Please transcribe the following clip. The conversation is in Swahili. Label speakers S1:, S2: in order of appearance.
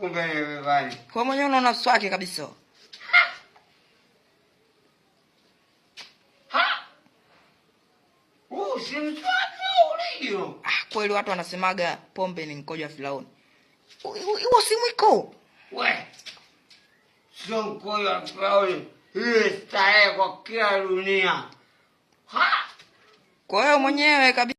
S1: Kumbe Wewe bali.
S2: Kwa mwenyewe unaona swake kabisa. Ah, kweli watu wanasemaga pombe ni mkojo wa Firauni. Iwo si mwiko.
S1: We. Sio mkojo wa Firauni. Hii starehe kwa kila dunia. Ha!
S2: Kwa hiyo mwenyewe kabisa